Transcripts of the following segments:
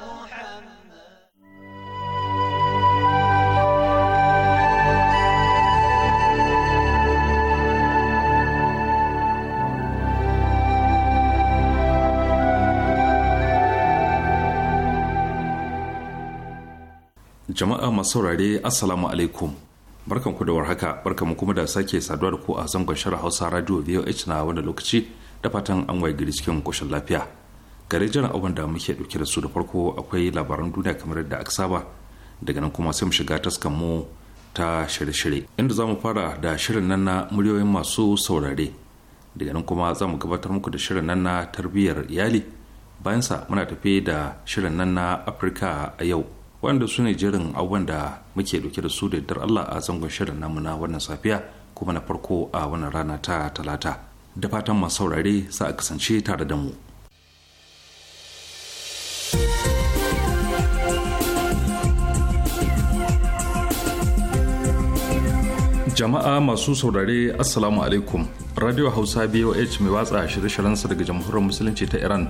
محمد jama'a masu saurare assalamu alaikum barkan ku da warhaka barkan mu kuma da sake saduwa da ku a zangon shirin hausa radio voh na wanda lokaci da fatan an waye gari cikin koshin lafiya gare jiran abin da muke dauke da su da farko akwai labaran duniya kamar yadda aka saba daga nan kuma sai mu shiga taskan mu ta shirye-shirye inda za mu fara da shirin nan na muryoyin masu saurare daga nan kuma za mu gabatar muku da shirin nan na tarbiyyar iyali bayansa muna tafe da shirin nan na afirka a yau wanda su ne jirin abubuwan da muke dauke da su da yardar Allah a zangon shirin namu na wannan safiya kuma na farko a wannan rana ta talata da fatan masu saurare za a kasance tare da mu jama'a masu saurare assalamu alaikum radio hausa boh mai watsa shirye-shiryensa daga jamhuriyar musulunci ta iran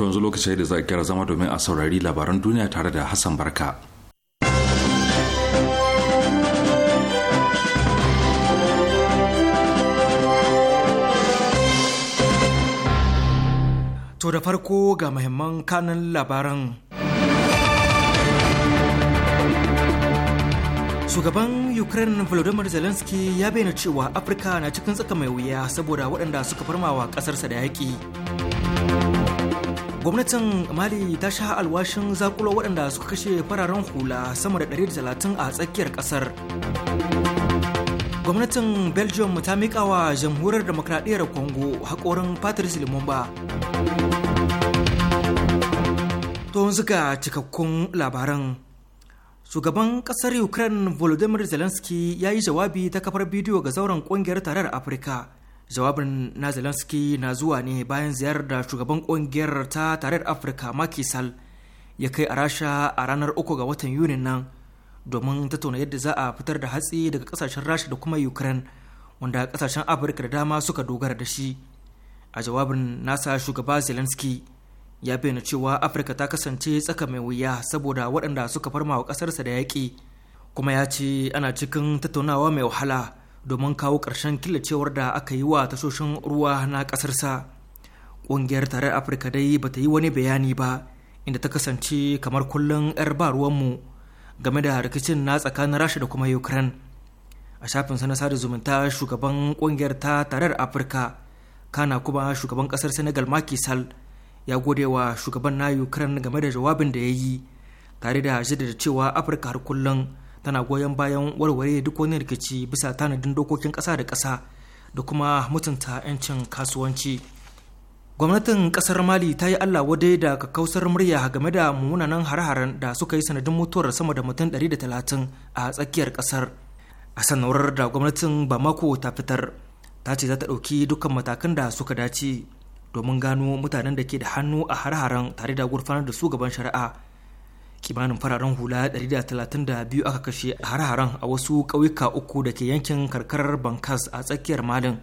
to yanzu lokacin da za a gyara zama domin a saurari labaran duniya tare da Hassan Barka. To da farko ga mahimman kanan labaran. Shugaban Ukraine Volodymyr Zelensky ya bayyana cewa Afirka na cikin tsaka mai wuya saboda waɗanda suka farmawa ƙasarsa da yaƙi. gwamnatin mali ta sha alwashin zakulo waɗanda suka kashe fararen hula sama da 130 a tsakiyar ƙasar gwamnatin belgium ta miƙa wa jamhuriyar demokradiyyar congo haƙorin patrice lumumba to ga cikakkun labaran shugaban ƙasar ukraine volodymyr zelensky ya yi jawabi ta kafar bidiyo ga zauren ƙungiyar tarar afirka jawabin na zelensky na zuwa ne bayan ziyarar da shugaban kungiyar ta tarayyar afirka makisal ya kai a rasha a ranar uku ga watan yunin nan domin tattauna yadda za a fitar da hatsi daga kasashen rasha da kuma ukraine wanda kasashen afirka da dama suka dogara da shi a jawabin nasa shugaba zelensky ya bayyana cewa afirka ta kasance tsaka mai wuya saboda waɗanda suka farma wa ƙasarsa da yaƙi kuma ya ce ana cikin tattaunawa mai wahala domin kawo ƙarshen killacewar da aka yi wa tashoshin ruwa na ƙasarsa ƙungiyar tarayyar afirka dai ba ta yi wani bayani ba inda ta kasance kamar kullum 'yar ba ruwanmu game da rikicin na tsakanin rasha da kuma ukraine a shafin na sada zumunta shugaban ƙungiyar ta tarayyar afirka kana kuma shugaban ƙasar senegal maki sal ya gode wa shugaban na ukraine game da jawabin da ya yi tare da jaddada cewa afirka har kullum tana goyon bayan warware duk wani rikici bisa tanadin dokokin ƙasa da ƙasa da kuma mutunta 'yancin kasuwanci gwamnatin ƙasar mali ta yi allah wadai da kakkausar murya game da mummunan hare-haren da suka yi sanadin mutuwar sama da mutum 130 a tsakiyar ƙasar a sanarwar da gwamnatin bamako ta fitar ta ce za ta ɗauki dukkan matakan da suka dace domin gano mutanen da ke da hannu a hare-haren tare da gurfanar da su gaban shari'a kimanin fararen hula 132 aka kashe a har-haren a wasu ƙauyuka uku da ke yankin karkarar bankas a tsakiyar malin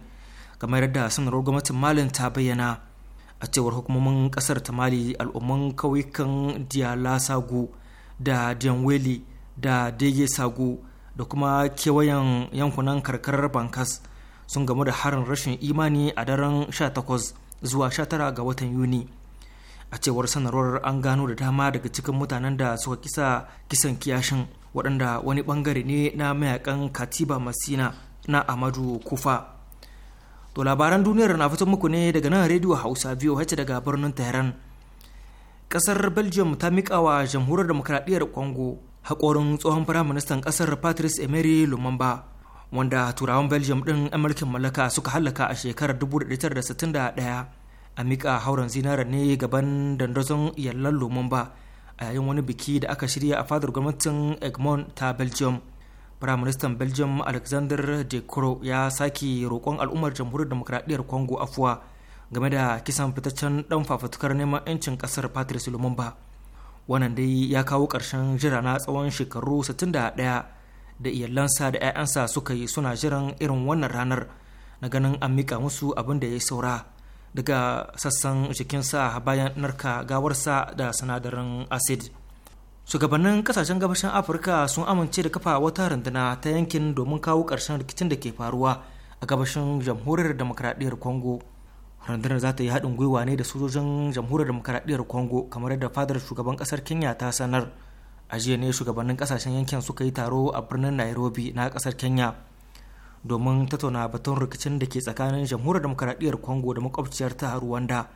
kamar yadda sanarwar gwamnatin malin ta bayyana a cewar hukumomin ƙasar ta mali al'umman ƙauyukan diyala sagu da dianweli da dege sagu da kuma kewayen yankunan karkarar bankas sun gamu da harin rashin imani a daren 18 zuwa 19 ga watan yuni a cewar sanarwar an gano da dama daga cikin mutanen da suka kisa kisan kiyashin waɗanda wani ɓangare ne na mayakan katiba masina na amadu kufa to labaran duniyar na fitan muku ne daga nan rediyo hausa voh daga birnin tehran ƙasar belgium ta miƙawa jamhuriyar demokradiyyar congo haƙorin tsohon firaministan ƙasar patrice emery lumumba wanda turawan belgium ɗin mulkin mallaka suka hallaka a shekarar 1961 a miƙa hauren zinara ne gaban dandazon iyalan ba a yayin wani biki da aka shirya a fadar gwamnatin egmont ta belgium firaministan belgium alexander de croo ya sake roƙon al'ummar jamhuriyar demokradiyyar congo afuwa game da kisan fitaccen dan fafutukar neman 'yancin kasar patrice lumumba wannan dai ya kawo karshen jira na tsawon shekaru 61 da iyalansa da 'ya'yansa suka yi suna jiran irin wannan ranar na ganin an mika musu abin da ya saura daga sassan jikinsa bayan narka gawarsa da sinadarin acid shugabannin kasashen gabashin afirka sun amince da kafa wata runduna ta yankin domin kawo ƙarshen rikicin da ke faruwa a gabashin jamhuriyar demokradiyyar congo rundunar za ta yi haɗin gwiwa ne da sojojin jamhuriyar demokradiyyar congo kamar yadda fadar shugaban ƙasar kenya ta sanar a jiya ne shugabannin kasashen yankin suka yi taro a birnin nairobi na ƙasar kenya domin tattauna batun rikicin da ke tsakanin jamhuriyar demokaradiyyar congo da makwabciyar ta rwanda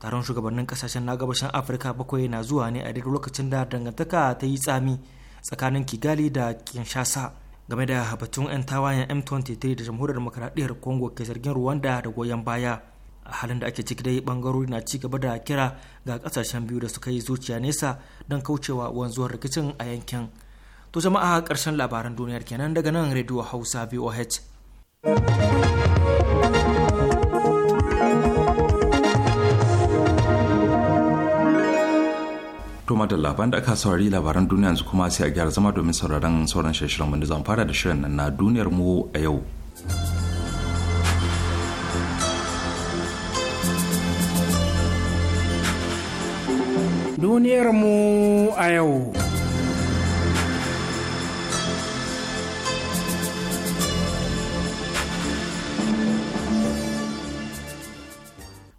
taron shugabannin kasashen na gabashin afirka bakwai na zuwa ne a daidai lokacin da dangantaka ta yi tsami tsakanin kigali da kinshasa game da batun 'yan tawayen m23 da jamhuriyar demokaradiyyar congo ke zargin rwanda da goyon baya a halin da ake ciki dai bangarori na ci gaba da kira ga kasashen biyu da suka yi zuciya nesa don kaucewa wanzuwar rikicin a yankin to jama'a ƙarshen labaran duniyar kenan daga nan rediyo hausa voh To madalla da aka saurari labaran duniya yanzu kuma sai a gyara zama domin sauraron sauran shirin wanda zan fara da shirin nan na duniyar mu a yau. Duniyar mu a yau.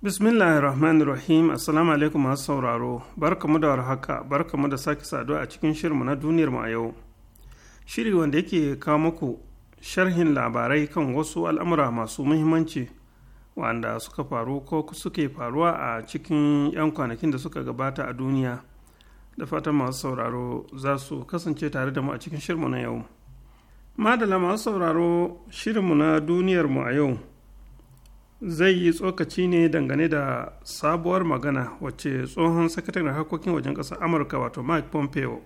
Bismillahirrahmanirrahim. assalamu alaikum masu sauraro barkamu da warhaka barkamu da sake saduwa a cikin shirinmu na duniyar mu a yau shiri wanda yake kawo muku sharhin labarai kan wasu al'amura masu muhimmanci wanda suka faru ko suke faruwa a cikin 'yan kwanakin da suka gabata a duniya da fatan masu sauraro za su kasance tare da mu a cikin shirmu na yau madala masu sauraro shirinmu na duniyarmu a yau zai yi tsokaci ne dangane da sabuwar magana wacce tsohon sakataren harkokin wajen ƙasar amurka wato mike pompeo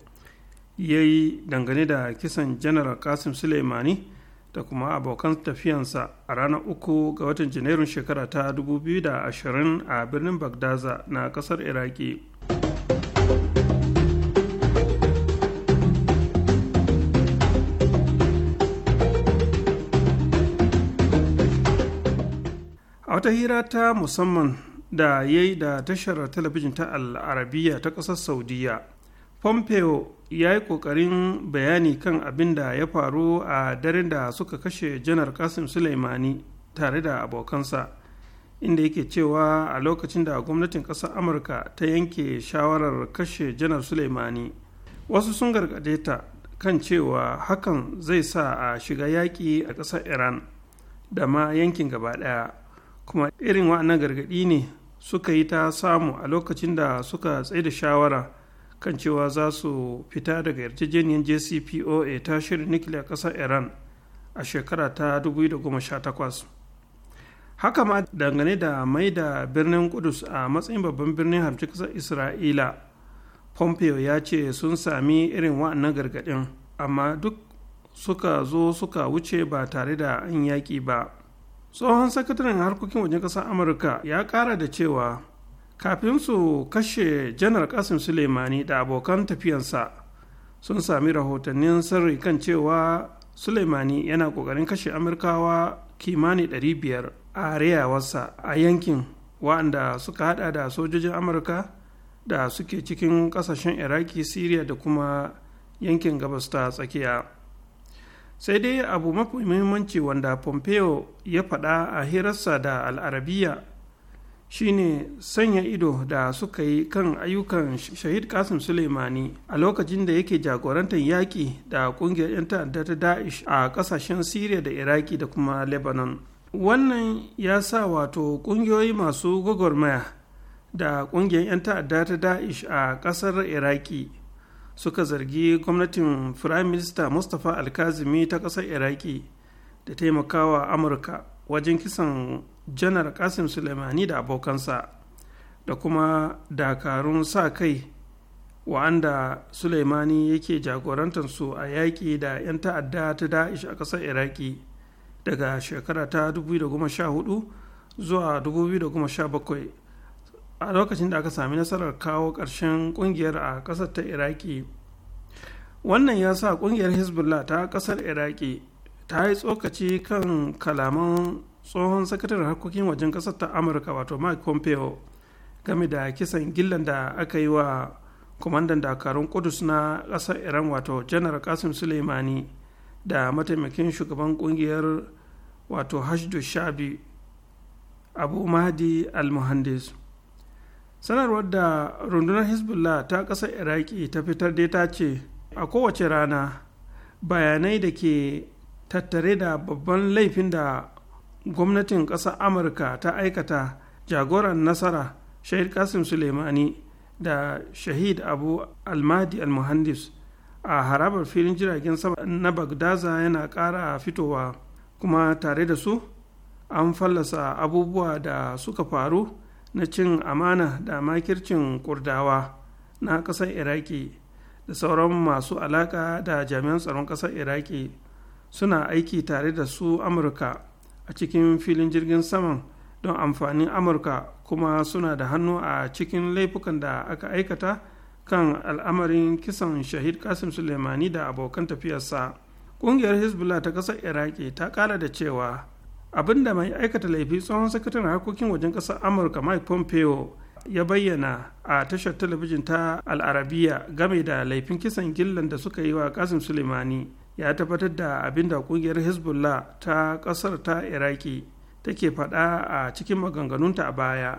ya yi dangane da kisan general kasim suleimani da kuma abokan tafiyansa a ranar uku ga watan janairun shekara ta 2020 a birnin bagdaza na ƙasar iraki wata hira ta musamman da ya yi da tashar talabijin ta al'arabiya ta ƙasar saudiya pompeo ya yi ƙoƙarin bayani kan abin da ya faru a daren da suka kashe janar kasim suleimani tare da abokansa inda yake cewa a lokacin da gwamnatin ƙasar amurka ta yanke shawarar kashe janar suleimani wasu sun gargade ta kan cewa hakan zai sa a shiga yaƙi a ƙasar iran da ma yankin gaba ɗaya kuma irin wa'annan gargaɗi ne suka yi ta samu a lokacin da suka tsaye da shawara kan cewa za su fita daga yarjejeniyar jcpoa ta shirin nikila ƙasar iran a shekara ta 2018 haka ma dangane da mai da birnin kudus a matsayin babban birnin hamshin ƙasar isra'ila pompeo ya ce sun sami irin wa'annan gargaɗin amma duk suka zo suka wuce ba tare da an yaƙi ba tsohon sakataren harkokin wajen ƙasar amurka ya ƙara da cewa kafin su kashe janar kasim suleimani da abokan tafiyansa sun sami rahotannin sirri kan cewa suleimani yana ƙoƙarin kashe amurkawa kimanin 500 a arewarsa a yankin waɗanda suka hada da sojojin amurka da suke cikin ƙasashen iraki syria da kuma yankin gabas ta tsakiya sai dai abu mafi muhimmanci wanda pompeo ya faɗa a hirarsa da al'arabiya shine sanya ido da suka yi kan ayyukan shahid kasim suleimani a lokacin da yake jagorantar yaƙi da ƙungiyar 'yan ta'adda ta da'ish a ƙasashen syria da iraki da kuma lebanon wannan ya sa wato ƙungiyoyi masu gwagwarmaya da ƙungiyar 'yan ta'adda ta da'ish a ƙasar iraki suka zargi gwamnatin firayim minista mustapha alkazimi ta ƙasar iraki da taimakawa amurka wajen kisan janar kasim suleimani da abokansa da kuma dakarun sa kai wa'anda suleimani yake su a yaƙi da 'yan ta'adda ta da'ish a ƙasar iraki daga shekara ta 2014 zuwa 2017 a lokacin da aka sami nasarar kawo ƙarshen ƙungiyar a ƙasar ta iraki wannan ya sa ƙungiyar hezbollah ta ƙasar iraki ta yi tsokaci kan kalaman tsohon sakataren harkokin wajen ƙasar ta amurka wato mike pompeo game da kisan gillan da aka yi wa kwamandan dakarun kudus na ƙasar iran wato janar kasim suleimani da mataimakin shugaban ƙungiyar wato hashdu shabi abu mahdi al-muhandis sanarwar da rundunar hezbollah ta ƙasar iraki ta fitar dai ta ce a kowace rana bayanai da ke tattare da babban laifin da gwamnatin ƙasar amurka ta aikata jagoran nasara shahid kasim suleimani da shahid abu almadi almuhandis a harabar filin jiragen sama na bagdaza yana ƙara fitowa kuma tare da su an fallasa abubuwa da suka faru na cin amana da makircin kurdawa na ƙasar iraki da sauran masu alaƙa da jami'an tsaron ƙasar iraki suna aiki tare da su amurka a cikin filin jirgin saman don amfanin amurka kuma suna da hannu a cikin laifukan da aka aikata kan al'amarin kisan shahid kasim suleimani da abokan tafiyarsa ƙungiyar hezbollah ta ƙasar iraki ta ƙara da cewa abinda mai aikata laifi tsohon sakataren harkokin wajen ƙasar amurka mike pompeo ya bayyana a tashar talabijin ta al'arabiya game da laifin kisan gillan da suka yi wa kasim suleimani ya tabbatar da abin da kungiyar hezbollah ta ƙasar ta iraki take faɗa a cikin maganganunta a baya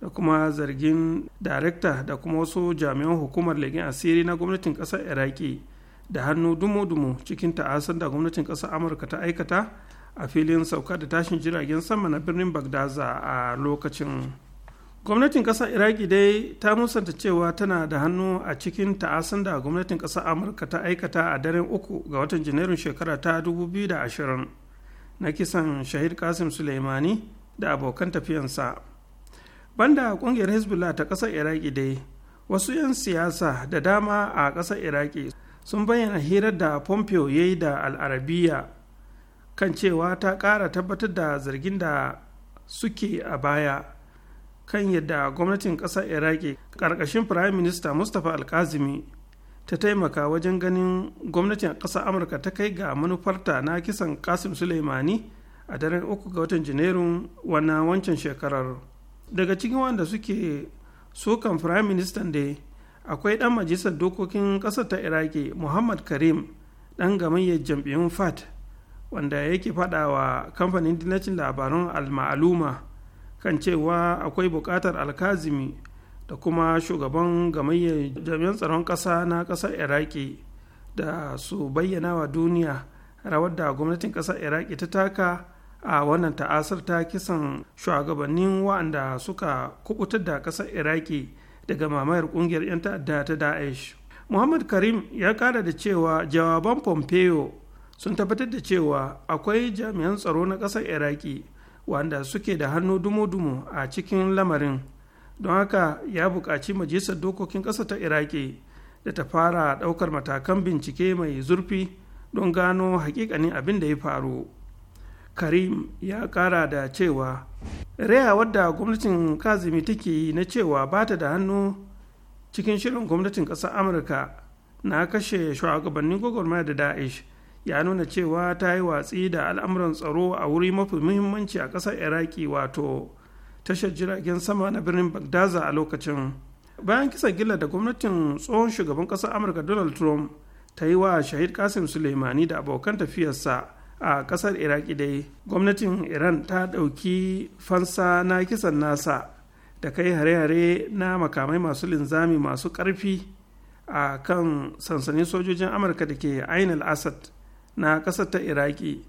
da kuma zargin darekta da kuma wasu jami'an hukumar legin asiri na gwamnatin ƙasar iraki da hannu dumo-dumo cikin ta'asar da gwamnatin ƙasar amurka ta aikata a filin sauka da tashin jiragen sama na birnin bagdaza a lokacin gwamnatin ƙasar iraki dai ta musanta cewa tana da hannu a cikin ta'asan da gwamnatin ƙasar amurka ta aikata a daren uku ga watan janairun shekara ta 2020 na kisan shahid kasim suleimani da abokan tafiyansa banda kungiyar hezbollah ta ƙasar iraki dai wasu 'yan siyasa da dama a ƙasar iraki sun bayyana hirar da pompeo ya yi da al'arabiya kan cewa ta ƙara tabbatar da zargin da suke a baya kan yadda gwamnatin ƙasar iraki ƙarƙashin firayim minista mustapha alkazimi ta taimaka wajen ganin gwamnatin ƙasar amurka ta kai ga manufarta na kisan kasim suleimani a daren uku ga watan janairun wannan wancan shekarar daga cikin wanda suke sukan firayim ministan da akwai dan majalisar dokokin ƙasar ta iraki muhammad karim ɗan gamayyar jam'iyyun fat wanda yake faɗa wa kamfanin dinacin labarun al-ma'aluma kan cewa akwai buƙatar alkazimi da kuma shugaban gamayyar jami'an tsaron ƙasa na ƙasar iraki da su bayyana wa duniya rawar da gwamnatin ƙasar iraki ta taka a wannan ta'asar ta kisan shugabannin wa'anda suka kubutar da ƙasar iraki daga mamayar ƙungiyar 'yan ta'adda ta da'ish. muhammad karim ya kada da cewa jawaban pompeo sun tabbatar da cewa akwai jami'an tsaro na ƙasar iraki wanda suke da hannu dumo-dumo a cikin lamarin don haka ya buƙaci majalisar dokokin ƙasa ta iraki da ta fara ɗaukar matakan bincike mai zurfi don gano hakikanin abin da ya faru karim ya ƙara da cewa raya wadda gwamnatin kazimi take yi na cewa ba ta da hannu cikin shirin gwamnatin ƙasar amurka na kashe shugabannin gwagwarmaya da daesh ya nuna cewa ta yi watsi da al'amuran tsaro a wuri mafi muhimmanci a ƙasar iraki wato tashar jiragen sama na birnin bagdaza a lokacin bayan kisa gilla da gwamnatin tsohon shugaban ƙasar amurka donald trump ta yi wa shahid kasim suleimani da abokan tafiyarsa a ƙasar iraki dai gwamnatin iran ta ɗauki fansa na kisan nasa da kai hare-hare na makamai masu linzami masu ƙarfi a kan sansanin sojojin amurka da ke ainihin asad na ƙasar ta iraki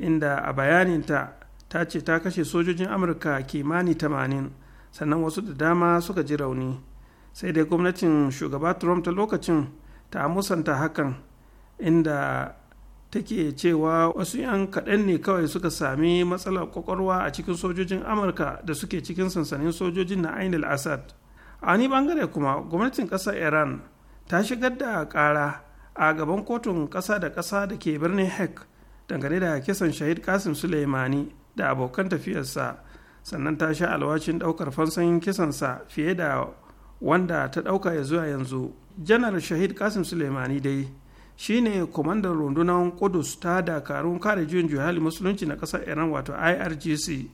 inda a bayaninta ta ce ta kashe sojojin amurka kimani 80 sannan wasu da dama suka ji rauni sai dai gwamnatin shugaba trump ta lokacin ta musanta hakan inda take cewa wasu 'yan kaɗan ne kawai suka sami matsalar kwakwalwa a cikin sojojin amurka da suke cikin sansanin sojojin na ainihin assad a wani bangare kuma gwamnatin ƙasar iran ta shigar da ƙara a gaban kotun ƙasa da ƙasa da ke birnin hek dangane da kisan shahid kasim suleimani da abokan tafiyarsa sannan ta sha alwacin ɗaukar fansan kisansa fiye da wanda ta ɗauka ya zuwa yanzu janar shahid kasim suleimani dai shine kwamandan rundunar kudus ta dakarun kare juyin juhali musulunci na ƙasar iran wato irgc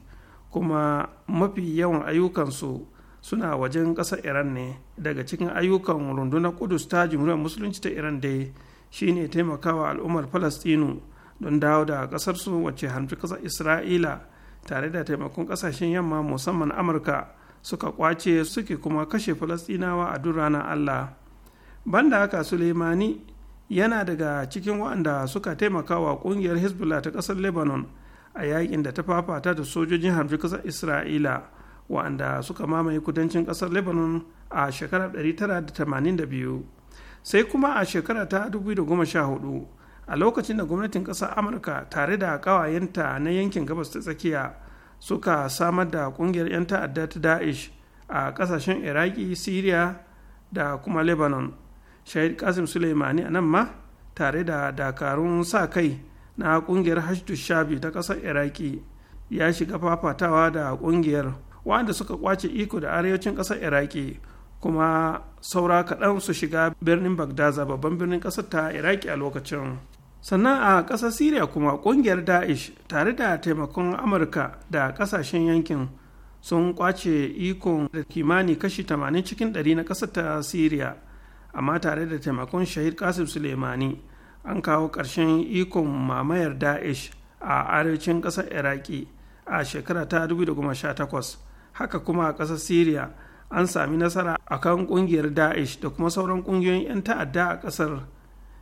kuma mafi yawan ayyukansu suna wajen ƙasar iran ne daga cikin ayyukan rundunar kudus ta jimuriyar musulunci ta iran dai shine taimakawa al'ummar palestinu don dawo da ƙasarsu wacce harfi ƙasar isra'ila tare da taimakon ƙasashen yamma musamman amurka suka kwace suke kuma kashe falastinawa a duk ranar allah banda haka suleimani yana daga cikin waɗanda suka taimakawa ƙungiyar hezbollah ta ƙasar lebanon a yakin da ta fafata da sojojin harfi ƙasar isra'ila wa'anda suka mamaye kudancin ƙasar lebanon a shekarar 1982 sai kuma a shekara ta 2014 a lokacin da gwamnatin ƙasar amurka tare da ƙawayenta na yankin gabas ta tsakiya suka samar da ƙungiyar 'yan ta'adda ta Daesh a ƙasashen iraki syria da kuma lebanon shahid kasim suleimani a nan ma tare da dakarun sa kai na ƙungiyar hashdu shabi ta ƙasar iraki ya shiga fafatawa da ƙungiyar waɗanda suka kwace iko da arewacin ƙasar iraki kuma saura kaɗan su shiga birnin bagdaza babban birnin ƙasar ta iraki a lokacin sannan a ƙasar syria kuma ƙungiyar daesh tare da taimakon amurka da ƙasashen yankin sun kwace ikon da kimani kashi 80 cikin 100 na ƙasar ta syria amma tare da taimakon shahid kasim suleimani an kawo ƙarshen ikon mamayar daesh a arewacin ƙasar iraki a shekara ta 2018 haka kuma a ƙasar syria an sami nasara a kan ƙungiyar daesh da kuma sauran ƙungiyoyin 'yan ta'adda a ƙasar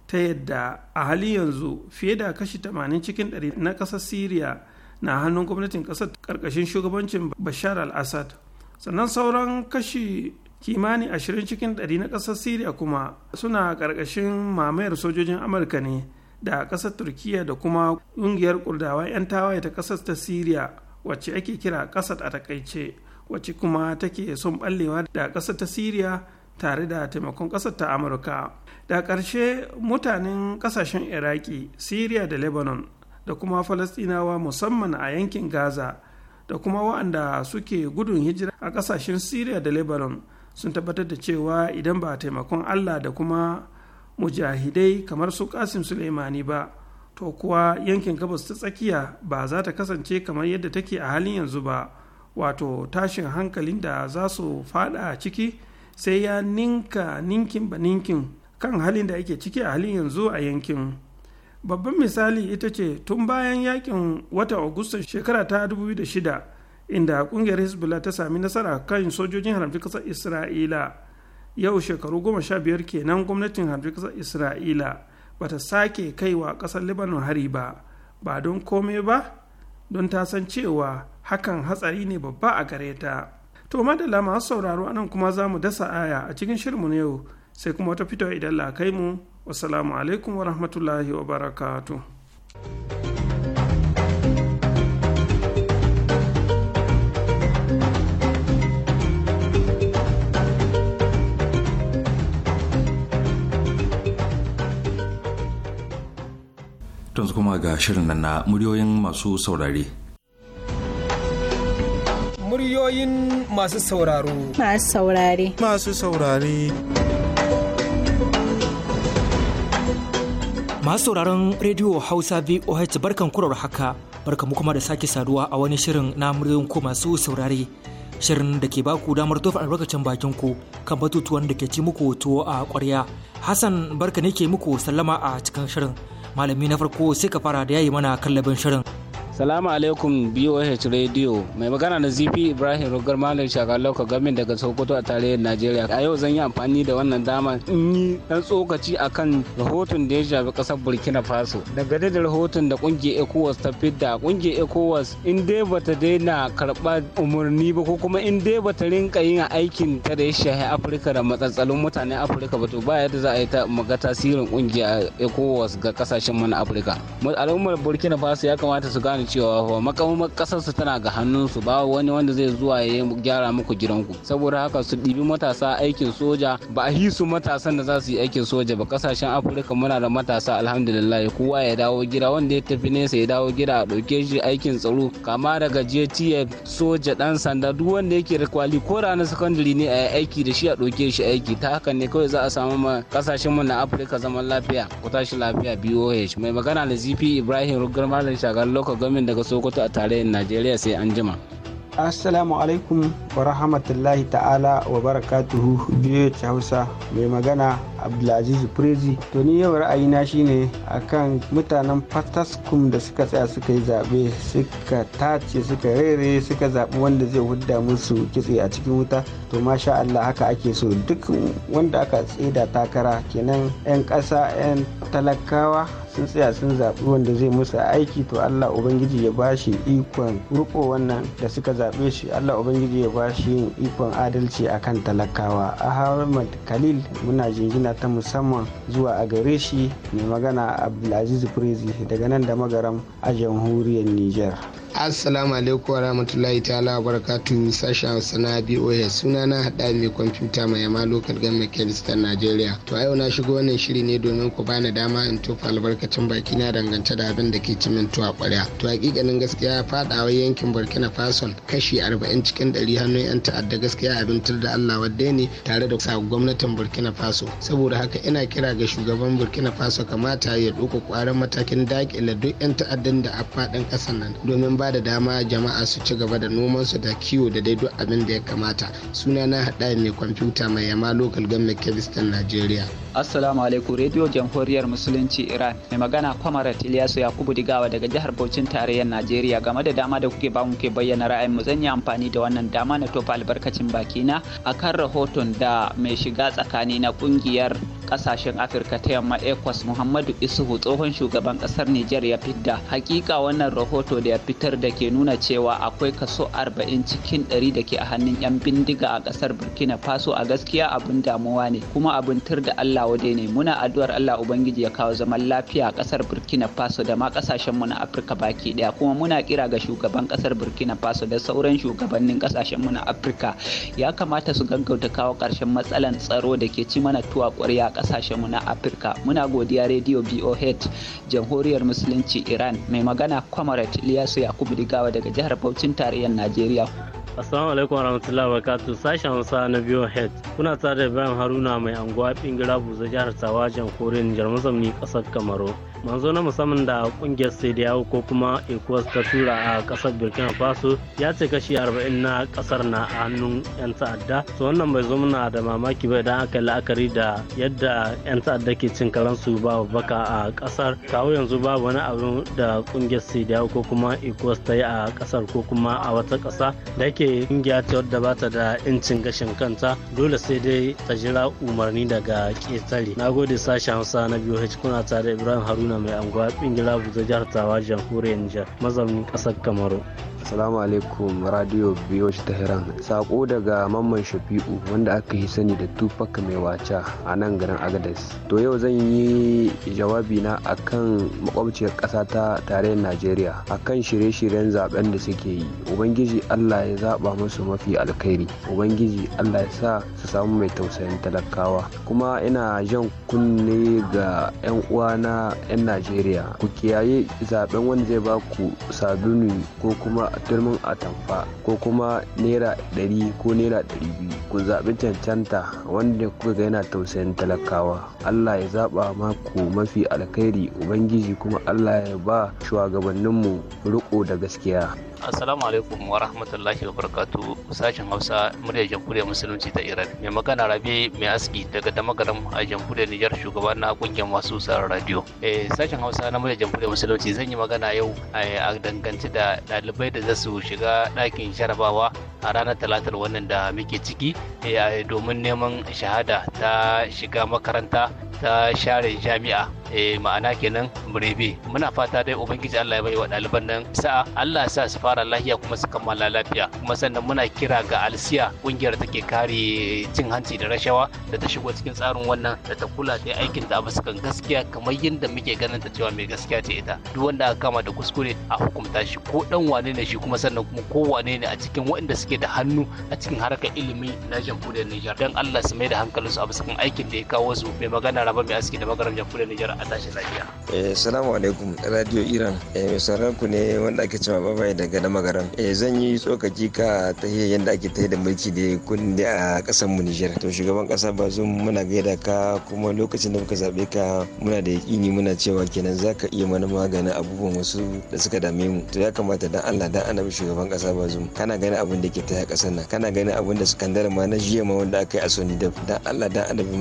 ta yadda a hali yanzu fiye da kashi 80 cikin 100 na ƙasar syria na hannun gwamnatin ƙasar ƙarƙashin shugabancin bashar al-assad sannan sauran kashi kimani 20 cikin 100 na ƙasar syria kuma suna ƙarƙashin mamayar sojojin amurka ne da ƙasar turkiya da kuma ƙungiyar ƙurdawar 'yan tawaye ta ƙasar ta syria wacce ake kira ƙasar a takaice wacce kuma take son ɓallewa da ƙasar ta siriya tare da taimakon ƙasar ta amurka da ƙarshe mutanen ƙasashen iraki siriya da lebanon da kuma falastinawa musamman a yankin gaza da kuma wa'anda suke gudun hijira a ƙasashen siriya da lebanon sun tabbatar da cewa idan ba taimakon allah da kuma mujahidai kamar su kasim suleimani ba to kuwa yankin gabas ta tsakiya ba za ta kasance kamar yadda take a halin yanzu ba wato tashin hankalin da za su fada ciki sai ya ninka ninkin ba ninkin kan halin da ake ciki a halin yanzu a yankin babban misali ita ce tun bayan yakin wata agusta shekara ta 2006 inda kungiyar hezbollah ta sami nasara kan sojojin haramci kasar isra'ila yau shekaru goma sha biyar kenan gwamnatin haramci kasar isra'ila bata sake kaiwa ƙasar libanon hari ba ba don kome ba don ta san cewa hakan hatsari ne babba a gare ta to madalla masu sauraro anan kuma za mu dasa aya a cikin shirmu na yau sai kuma wata fito idan la kai mu wasalamu alaikum wa rahmatullahi wa barakatu. yanzu kuma ga shirin nan na muryoyin masu saurare muryoyin masu sauraro masu saurare masu saurare masu sauraron rediyo hausa voh barkan kurar haka barka mu kuma da sake saduwa a wani shirin na muryoyin ku masu saurare shirin da ke baku damar tofa albarkacin bakin ku kan batutuwan da ke ci muku tuwo a kwarya hassan barka ne ke muku sallama a cikin shirin malami na farko sai ka fara da yayi mana kallabin shirin Salamu alaikum BOH Radio mai magana da ZP Ibrahim Rogar Malam Shagalau ka gamin daga Sokoto a tarayyar Najeriya. A yau zan yi amfani da wannan dama in yi dan tsokaci akan rahoton da ya shafi kasar Burkina Faso. Dangane da rahoton da kungiyar ECOWAS ta fidda kungiyar ECOWAS in dai bata daina karɓar umarni ba ko kuma in dai bata rinka yin aikin ta da ya shafi Afirka da matsatsalun mutanen Afirka ba to ba yadda za a yi ta maga tasirin kungiyar ECOWAS ga kasashen mana Afirka. Al'ummar Burkina Faso ya kamata su gane cewa kasar su tana ga hannun su ba wani wanda zai zuwa ya gyara muku gidanku saboda haka su ɗibi matasa aikin soja ba a hisu matasan da za su yi aikin soja ba kasashen afirka muna da matasa alhamdulillah kowa ya dawo gida wanda ya tafi nesa ya dawo gida a ɗauke shi aikin tsaro kama daga jtf soja dan sanda duk wanda yake da kwali ko ranar sakandare ne a yi aiki da shi a ɗauke shi aiki ta hakan ne kawai za a samu ma kasashen mu na afirka zaman lafiya ku tashi lafiya boh mai magana da zp ibrahim rugar malam shagar local Muhammad daga Sokoto a tarayyar Najeriya sai an jima. Assalamu alaikum wa rahmatullahi ta'ala wa barakatuhu biyu Hausa mai magana Abdulaziz Prezi. To ni yau ra'ayina shine akan mutanen Fataskum da suka tsaya suka yi zaɓe suka tace suka rere suka zaɓi wanda zai hudda musu kitse a cikin wuta. To masha Allah haka ake so duk wanda aka tseda takara kenan 'yan ƙasa 'yan talakawa sun tsaya sun zaɓi wanda zai musu aiki to Allah Ubangiji ya bashi ikon ruko wannan da suka zaɓe shi Allah Ubangiji ya bashi yin ikon adalci akan talakawa. Ahmad Khalil muna jingina ta musamman zuwa a gare shi mai magana Abdulaziz Prezi daga nan da magaram a jamhuriyar Nijar. assalamu alaikum wa rahmatullahi ta'ala wa barakatu sashen hausa na boa suna na hada mai kwamfuta mai yama lokal gan kevistan nigeria to a yau na shiga wannan shiri ne domin ku bani dama in tofa albarkacin baki na dangance da abin da ke cimin tuwa kwarya to hakikanin gaskiya fadawa yankin burkina faso kashi arba'in cikin 100 hannun yan ta'adda gaskiya abin tur da allah wadda ne tare da sa gwamnatin burkina faso saboda haka ina kira ga shugaban burkina faso kamata ya ɗauka kwarin matakin dakile duk yan ta'addan da a faɗin ƙasar nan domin ba da dama jama'a su ci gaba da noman su da kiwo da dai duk abin da ya kamata suna na hada mai kwamfuta mai yama lokal government kebistan nigeria assalamu alaikum radio jamhuriyar musulunci iran mai magana su ya yakubu digawa daga jihar bauchin tarayyar nigeria game da dama da kuke bamu ke bayyana ra'ayin mu zan yi amfani da wannan dama na tofa albarkacin a kan rahoton da mai shiga tsakani na kungiyar kasashen afirka ta yamma ecos muhammadu isuhu tsohon shugaban kasar nijar ya fidda hakika wannan rahoto da ya fitar rahotar da ke nuna cewa akwai kaso 40 cikin 100 da ke a hannun 'yan bindiga a kasar burkina faso a gaskiya abin damuwa ne kuma abin tur da allah wade ne muna addu'ar allah ubangiji ya kawo zaman lafiya a kasar burkina faso da ma kasashen mu na afirka baki daya kuma muna kira ga shugaban kasar burkina faso da sauran shugabannin kasashen mu na afirka ya kamata su gaggauta kawo karshen matsalan tsaro da ke ci mana tuwa kwarya a kasashen mu na afirka muna godiya rediyo boh jamhuriyar musulunci iran mai magana comrade liyasu ya Yakubu Digawa daga jihar Bauchin tarayyar Najeriya. Assalamu alaikum warahmatullahi wabarakatuh sashen Hausa na biyu head kuna tare da Ibrahim Haruna mai anguwa Bingira Buza jihar Kore ni Nijar kasar Kamaru. Manzo na musamman da kungiyar Sediyawo ko kuma ECOWAS ta tura a kasar Burkina Faso ya ce kashi 40 na kasar na a hannun 'yan ta'adda. To wannan bai zo muna da mamaki ba idan aka la'akari da yadda 'yan ta'adda ke cin karansu ba baka a kasar. Kawo yanzu babu wani abu da kungiyar Sediyawo ko kuma ECOWAS ta yi a kasar ko kuma a wata kasa da ke. ƙungiya kungiya ce wadda ba ta da 'yancin gashin kanta dole sai dai ta jira umarni daga ƙetare na gode sashen hausa na biyu kuna tare da ibrahim haruna mai anguwa bingila buzo jihar tawa jamhuriyar nijar mazaunin ƙasar kamaru Assalamu alaikum Radio ta Tehran. Sako daga Mamman Shafi'u wanda aka yi sani da Tupac mai wacha a nan garin Agadez. To yau zan yi jawabi na akan makwabciyar ƙasa ta tarayyar Najeriya akan shirye-shiryen zaben da suke yi. Ubangiji Allah ya zaba musu mafi alkhairi. Ubangiji Allah ya sa su samu mai tausayin talakawa. Kuma ina jan kunne ga 'yan uwa na 'yan Najeriya. Ku kiyaye zaben wanda zai ba ku sabinu ko kuma a turmin atamfa ko kuma naira ɗari ko naira ɗari biyu ku zaɓi cancanta wanda kuka ga yana tausayin talakawa allah ya zaɓa maku mafi alkhairi ubangiji kuma allah ya ba shugabanninmu riko da gaskiya Assalamu alaikum wa rahmatullahi wa barakatu sashen Hausa murya jamhuriyar musulunci ta Iran. Mai magana Rabi mai aski daga damagaram a jamhuriyar Nijar shugaban na kungiyar masu sauraron radio. Eh sashen Hausa na murya jamhuriyar musulunci zan yi magana yau eh, a dangance da ɗalibai da za su shiga ɗakin jarabawa a ranar talatar wannan da muke ciki eh, domin neman shahada ta shiga makaranta ta share jami'a e, ma'ana kenan murebe muna fata dai ubangiji Allah ya bai wa ɗaliban nan sa'a Allah ya sa su fara lafiya kuma su kammala lafiya kuma sannan muna kira ga alsiya kungiyar take kare cin hanci da rashawa da ta shigo cikin tsarin wannan da ta kula da aikin da abu kan gaskiya kamar yadda muke ganin ta cewa mai gaskiya ce ita duk wanda aka kama da kuskure a hukumta shi ko dan wane ne shi kuma sannan kuma ko wane ne a cikin waɗanda suke da hannu a cikin harkar ilimi na jamhuriyar Nijar dan Allah su mai da hankalinsu a bisa aikin da ya kawo su mai magana laraba mai aski da magaram jamhuriyar nijar a tashi lafiya. eh salamu alaikum radio iran eh mai sauran ku ne wanda ake cewa babai daga na magaram eh zan yi tsokaci ka ta yadda ake ta da mulki da kun da a kasar mu nijar to shugaban kasa ba zo muna gaida ka kuma lokacin da muka zabe ka muna da yakini muna cewa kenan zaka iya mana maganin abubuwan wasu da suka dame mu to ya kamata dan Allah dan annabi shugaban kasa ba zo kana ganin abin da ke ta kasar nan kana ganin abin da sukandar ma na jiya ma wanda aka yi a Sony da dan Allah dan annabi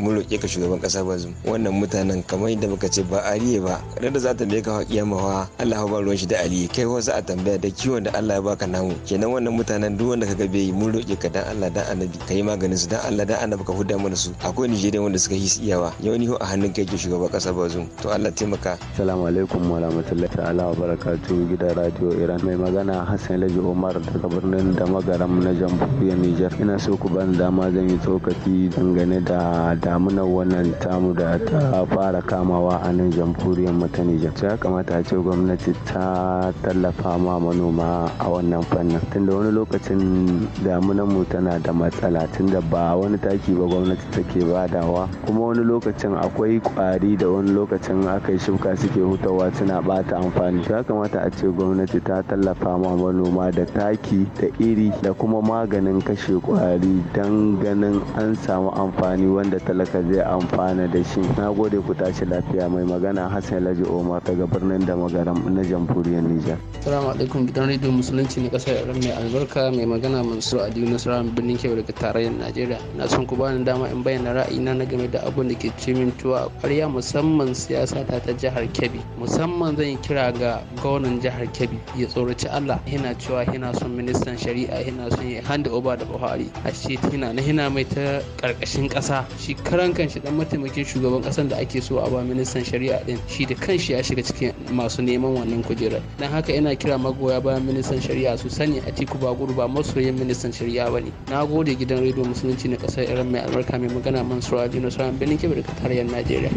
mun roke ka shugaban ba zu wannan mutanen kamar yadda muka ce ba ariye ba ran da za ta bai ka kiyama fa Allah ba ruwan shi da aliye kai wasu a tambaya da kiwon da Allah ya baka namu kenan wannan mutanen duk wanda kaga bai mun roƙe ka dan Allah dan annabi kai maganin su dan Allah dan annabi ka huda mana su akwai Nijeriya wanda suka yi iyawa yau ni a hannun kai ke kasa ba zu to Allah taimaka assalamu alaikum wa rahmatullahi ta'ala wa barakatu gidan radio Iran mai magana Hassan Laji Umar daga birnin da magaram na jamhuriyar Nijar ina so ku bani dama zan yi tsokaci dangane da damunan wannan tamu da ta fara kamawa a nan jamhuriyar mu ta Nijar. Ya kamata a ce gwamnati ta tallafa ma manoma a wannan fannin. Tunda wani lokacin damunan mu tana da matsala tunda ba wani taki ba gwamnati take badawa kuma wani lokacin akwai kwari da wani lokacin aka yi shuka suke hutawa suna bata amfani. Ya kamata a ce gwamnati ta tallafa ma manoma da taki da iri da kuma maganin kashe kwari don ganin an samu amfani wanda talaka zai amfani. amfana da shi na gode ku tashi lafiya mai magana hassan laji omar daga birnin da magaram na jamhuriyar nijar salamu alaikum gidan rediyo musulunci na kasar iran mai albarka mai magana mansur adiyu nasarar birnin kyau daga tarayyar najeriya na son ku bani dama in bayyana ra'ayina na game da abun da ke cimintuwa mintuwa a ƙwarya musamman siyasa ta ta jihar kebbi musamman zan yi kira ga gwamnan jihar kebbi ya tsoraci allah yana cewa yana son ministan shari'a yana son ya handa oba da buhari a shi tina na hina mai ta ƙarƙashin ƙasa shi karan kanshi dan mataimakin shugaban kasan da ake so a ba ministan shari'a din shi da kanshi ya shiga cikin masu neman wannan kujerar dan haka ina kira magoya bayan ministan shari'a su sani a tiku ba gudu ba masoyin ministan shari'a ba ne na gode gidan rediyo musulunci na kasar iran mai albarka mai magana mansur na nasarar birnin kebir da tarayyar najeriya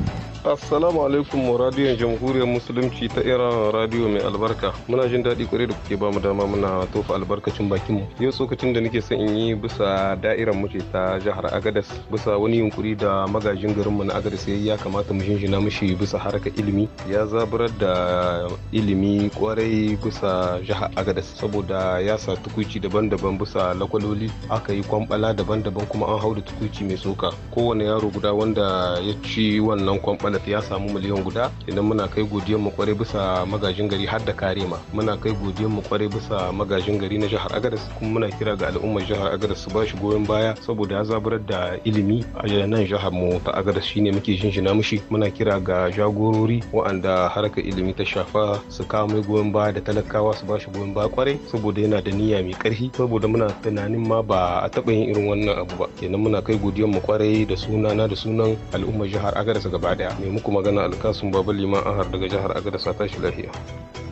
assalamu alaikum wa radiyon jamhuriyar musulunci ta iran radiyo mai albarka muna jin daɗi kwarai da kuke bamu dama muna tofa albarkacin bakin mu yau tsokacin da nake son in yi bisa da'irar muce ta jihar agadas bisa wani yunkuri da magajin garin mu na agadis ya kamata mu shinshina mishi bisa harkar ilimi ya zaburar da ilimi kwarai bisa jihar agadas saboda ya sa tukuci daban-daban bisa lakwaloli aka yi kwambala daban-daban kuma an hau da tukuci mai soka kowane yaro guda wanda ya ci wannan kwambalat ya samu miliyan guda idan muna kai godiyar mu kwarai bisa magajin gari har da karema muna kai godiyar mu kwarai bisa magajin gari na jihar agadas kuma muna kira ga al'ummar jihar agadas su ba shi goyon baya saboda ya zaburar da ilimi a nan jihar mu ta agadas shi shine muke jina mushi muna kira ga jagorori wa'anda harkar ilimi ta shafa su kawo mai goyon baya da talakawa su bashi goyon baya kwarai saboda yana da niyya mai karfi saboda muna tunanin ma ba a taɓa yin irin wannan abu ba kenan muna kai godiyar mu kwarai da sunana da sunan al'ummar jihar agadasa gaba daya mai muku magana alkasun baba liman ahar daga jihar agadasa ta shi lafiya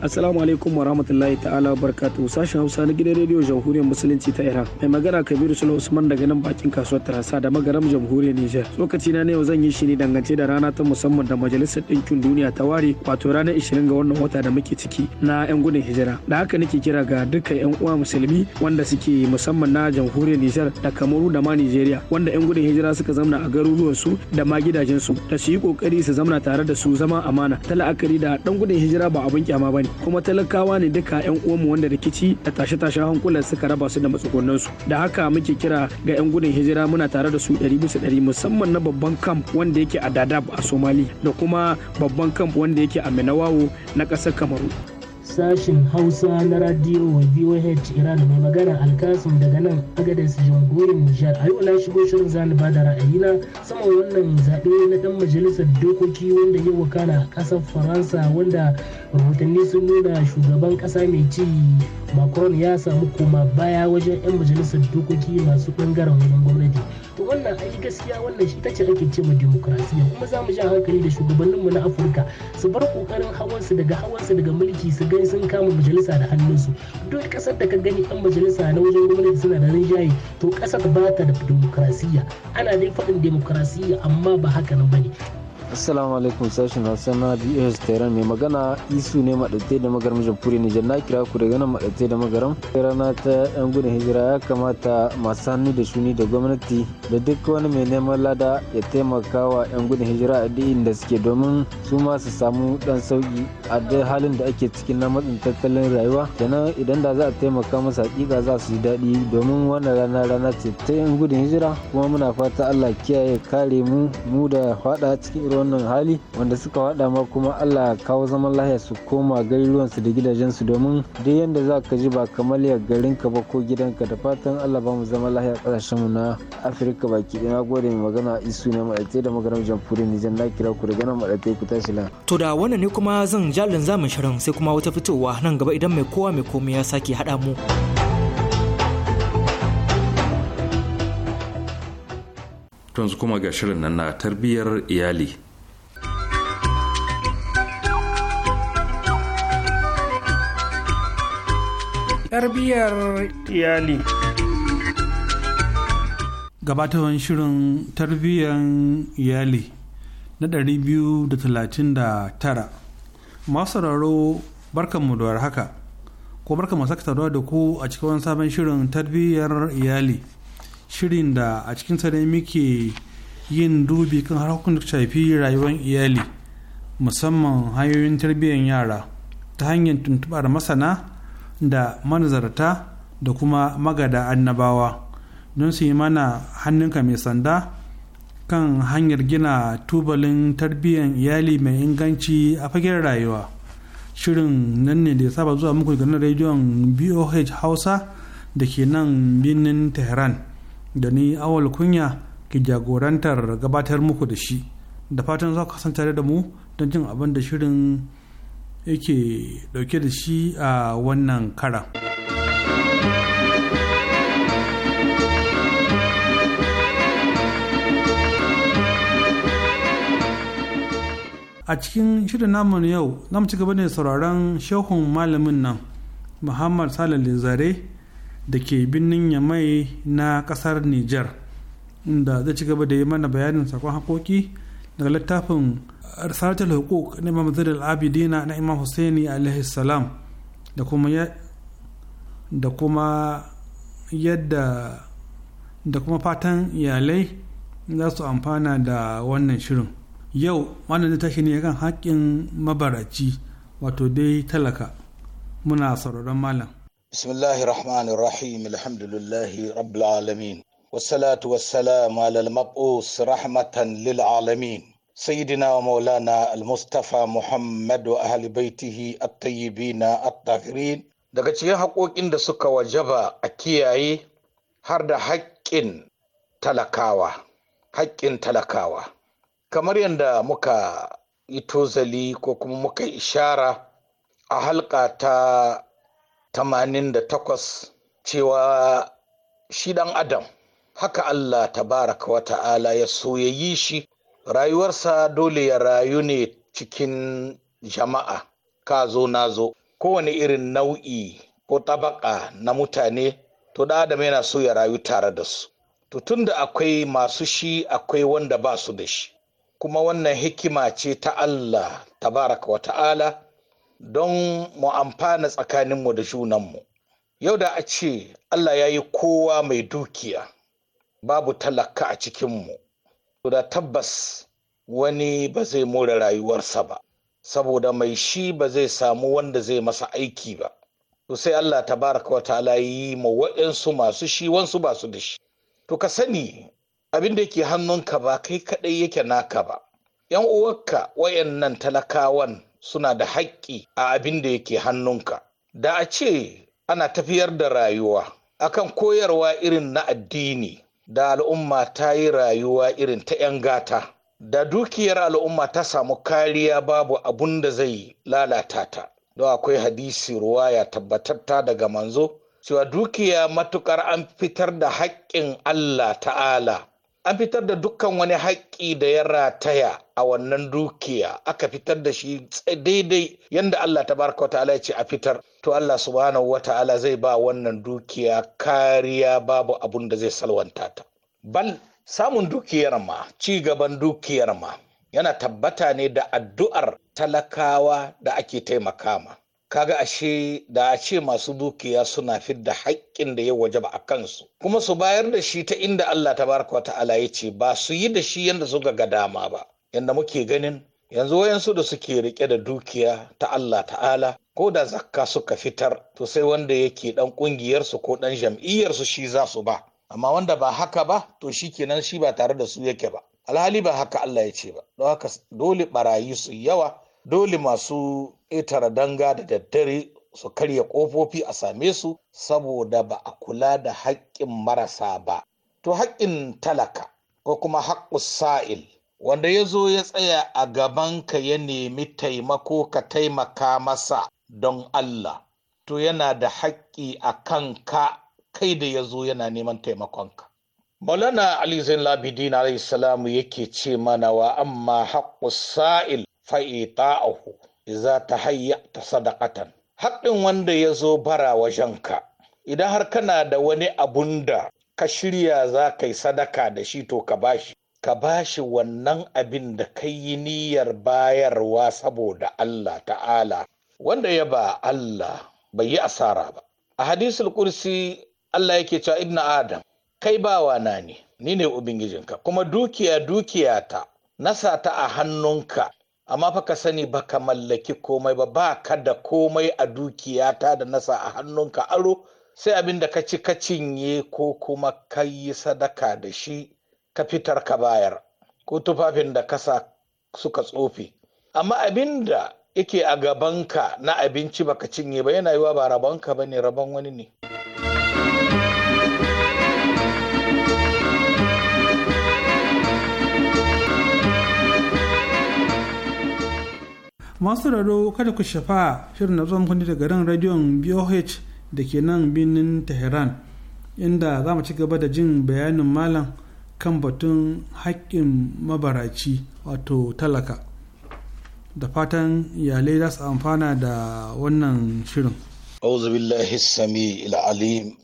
assalamu alaikum wa rahmatullahi ta'ala barkatu sashen hausa na gidan rediyo jamhuriyar musulunci ta iran mai magana kabiru sula usman daga nan bakin kasuwar tarasa da magaram jamhuriyar nijar tsokaci na ne zan yi shi ne dangance da rana ta musamman da majalisar ɗinkin duniya ta ware wato ranar 20 ga wannan wata da muke ciki na 'yan gudun hijira da haka nake kira ga duka 'yan uwa musulmi wanda suke musamman na jamhuriyar nijar da kamaru da ma nijeriya wanda 'yan gudun hijira suka zamna a garuruwansu da ma gidajensu da su yi kokari su zamna tare da su zama amana ta la'akari da dan gudun hijira ba abin kyama ba ne kuma talakawa ne duka 'yan uwanmu wanda rikici da tashe-tashen hankulan suka raba su da matsugunansu da haka muke kira ga 'yan gudun hijira muna tare da su ɗari bisa ɗari musamman na babban kam camp wanda yake a Dadab a Somali da kuma babban camp wanda yake a Menawawo na ƙasar Kamaru. sashen hausa na radio voh iran mai magana alkasim daga nan agadez jamhuriyar nijar a yau na shigo shirin zani ba da ra'ayina sama wannan zaɓe na ɗan majalisar dokoki wanda ya wakana a ƙasar faransa wanda rahotanni sun nuna shugaban ƙasa mai ci macron ya samu koma baya wajen 'yan majalisar dokoki masu ɓangaren wajen gwamnati to wannan ai gaskiya wannan ita ce ake ce ma demokrasiya kuma za mu sha hankali da shugabanninmu na afirka su bar kokarin hawansu daga hawansu daga mulki su gani sun kama majalisa da hannunsu duk kasar da ka gani yan majalisa na wajen gwamnati suna da rinjaye to kasar ba ta da demokrasiya ana dai faɗin demokrasiya amma ba haka nan bane assalamu alaikum sashen hassan na bs tehran mai magana isu ne maɗaite da magaram jamhuriyar nijar na kira ku daga nan maɗaite da magaram rana ta yan gudun hijira ya kamata masu hannu da shuni da gwamnati da duk wani mai neman lada ya taimaka wa yan gudun hijira a duk da suke domin su ma su samu dan sauki a da halin da ake cikin na matsin tattalin rayuwa kenan idan da za a taimaka masa hakika za su ji daɗi domin wannan rana rana ce ta yan gudun hijira kuma muna fata allah kiyaye kare mu mu da faɗa cikin irin wannan hali wanda suka faɗa ma kuma allah ya kawo zaman lahiya su koma su da gidajen su domin duk yadda za ka ji ba kamar ya garin ka ba ko gidan ka da fatan allah ba mu zama lahiya mu na afirka baki ɗaya na gode mai magana isu na maɗaite da magaram jamhuriyar nijar na kira ku daga nan maɗaite ku tashi la. to da wannan ne kuma zan jalin zamin shirin sai kuma wata fitowa nan gaba idan mai kowa mai komai ya sake haɗa mu. yanzu kuma ga shirin nan na tarbiyyar iyali tarbiyyar iyali gabatawan shirin tarbiyyar iyali na 239 masu raro barkanmu da haka ko barkanmu saka saduwa da ku a cikin wani sabon shirin tarbiyyar iyali shirin da a cikin ne muke yin dubi kan harkokin da shafi rayuwar iyali musamman hanyoyin tarbiyyar yara ta hanyar tuntubar masana da manzarta da kuma magada annabawa don su yi mana hannunka mai sanda kan hanyar gina tubalin tarbiyyar iyali mai inganci a fagen rayuwa shirin nan ne da ya saba zuwa muku ganin rediyon boh hausa da ke nan birnin tehran da ni awal kunya ke jagorantar gabatar muku da shi da fatan za ku kasance da mu don jin abin da shirin yake dauke da shi a wannan karan. a cikin shirin namun yau za mu ci gaba ne sauraron shehun malamin nan muhammad salih zare da ke birnin yamai na kasar niger inda zai ci gaba da yi mana bayanin sakon hakoki daga littafin risalatul hukuk na imam zaid al-abidina na imam husaini alaihi salam da kuma da kuma yadda da kuma fatan iyalai za su amfana da wannan shirin yau wannan zai tashi ne kan haƙƙin mabaraci wato dai talaka muna sauraron malam bismillahi rahmanir rahim alhamdulillahi rabbil alamin wassalatu wassalamu ala al-mab'us rahmatan lil alamin سيدنا ومولانا المصطفى محمد وأهل بيته الطيبين الطاهرين daga cikin haƙoƙin da suka wajaba a kiyaye har da haƙƙin talakawa haƙƙin talakawa kamar yadda muka yi tozali ko kuma muka yi ishara a halka ta takwas cewa shi ɗan adam haka Allah tabaraka wa ta'ala ya soyayi shi rayuwarsa dole ya rayu ne cikin jama'a ka zo na zo kowane irin nau'i ko tabaka na mutane to da adam yana so ya rayu tare da su to tun da akwai masu shi akwai wanda ba su da shi kuma wannan hikima ce ta Allah tabaraka wa ta'ala don mu amfana tsakaninmu da junanmu yau da a ce Allah ya yi kowa mai dukiya babu talaka a cikinmu to da tabbas wani ba zai more rayuwarsa ba saboda mai shi ba zai samu wanda zai masa aiki ba to sai Allah tabaraka wa ta'ala yi ma waɗansu masu shi wansu ba su da shi to ka sani abin da yake hannunka ba kai kaɗai yake naka ba yan uwarka wayannan talakawan suna da haƙƙi a abin da yake hannunka da a ce ana tafiyar da rayuwa akan koyarwa irin na addini da al'umma ta yi rayuwa irin ta 'yan gata da dukiyar al'umma ta samu kariya babu abun da zai lalata ta don akwai hadisi ruwaya tabbatatta daga manzo cewa dukiya matukar an fitar da haƙƙin Allah ta'ala an fitar da dukkan wani haƙƙi da ya rataya a wannan dukiya aka fitar da shi daidai yadda Allah ta baraka wa ta'ala ya ce a fitar to Allah subhanahu wa ta'ala zai ba wannan dukiya kariya babu abun da zai salwanta ta bal samun dukiyar ma ci gaban dukiyar ma yana tabbata ne da addu'ar talakawa da ake taimaka ma kaga ashe da a ce masu dukiya suna fidda haƙƙin da ya waje ba a kansu kuma su bayar da shi ta inda Allah Ta wa ta'ala ya ce ba su yi da shi yadda su ga dama ba Yadda muke ganin yanzu wayansu da suke rike da dukiya ta Allah ta'ala ko da zakka suka fitar to sai wanda yake dan ƙungiyarsu ko dan jam'iyyarsu shi za su ba amma wanda ba haka ba to shi kenan shi ba tare da su yake ba alhali ba haka Allah ya ce ba don haka dole barayi su yawa dole masu ƙetare danga da daddare su karya ƙofofi a same su saboda ba a kula da haƙƙin marasa ba to haƙƙin talaka ko kuma haƙƙus sa'il wanda ya zo ya tsaya a gaban ka ya nemi taimako ka taimaka masa don Allah, to yana da haƙƙi a kan ka kai da ya zo yana neman taimakonka. Maulana Ali Zain Labidin salamu yake ce mana wa amma haƙƙus sa'il fa'ita'ahu iza ta hayya ta sadakatan Haɗin wanda ya zo bara ka. idan har kana da wani abun da ka shirya za ka yi sadaka da shi to ka bashi ka bashi wannan abin da ka yi niyyar bayarwa saboda Allah ta'ala wanda ya ba Allah bai yi asara ba a hadisul kursi Allah yake cewa ibna adam kai bawa na ne ni ne ubangijinka kuma dukiya dukiya ta nasa ta a hannunka amma fa ka sani ba ka mallaki komai ba ba ka da komai a dukiyata da nasa a hannunka aro sai abin da ka ci ka cinye ko kuma ka yi sadaka da shi ka fitar ka bayar ko tufafin da kasa suka tsofe amma abin da yake a gabanka na abinci baka cinye ba yana yiwa ba rabonka ba ne rabon wani ne. masu raro kada ku shafa shirin na zuwa kundi daga ran radiyon boh da ke nan birnin tehran inda za mu ci gaba da jin bayanin malam kan batun haƙƙin mabaraci wato talaka da fatan iyalai za su amfana da wannan shirin أعوذ بالله il'ali